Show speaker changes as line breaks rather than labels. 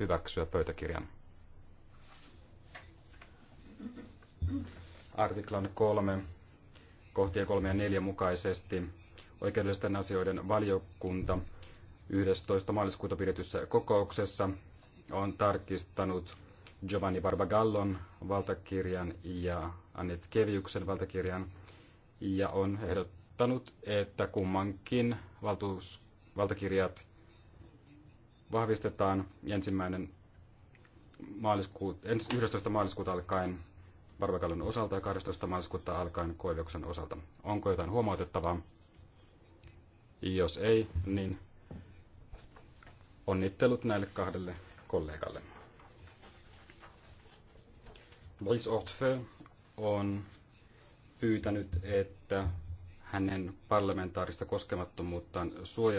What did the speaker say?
hyväksyä pöytäkirjan. Artiklan 3, kohtia 3 ja 4 mukaisesti oikeudellisten asioiden valiokunta 11. maaliskuuta pidetyssä kokouksessa on tarkistanut Giovanni Barbagallon valtakirjan ja Annette Keviuksen valtakirjan ja on ehdottanut, että kummankin valtuus, valtakirjat vahvistetaan ensimmäinen ens, 11. maaliskuuta alkaen varvekallon osalta ja 12. maaliskuuta alkaen koivioksen osalta. Onko jotain huomautettavaa? Jos ei, niin onnittelut näille kahdelle kollegalle. Boris Ortfe
on pyytänyt, että hänen parlamentaarista koskemattomuuttaan suojaa.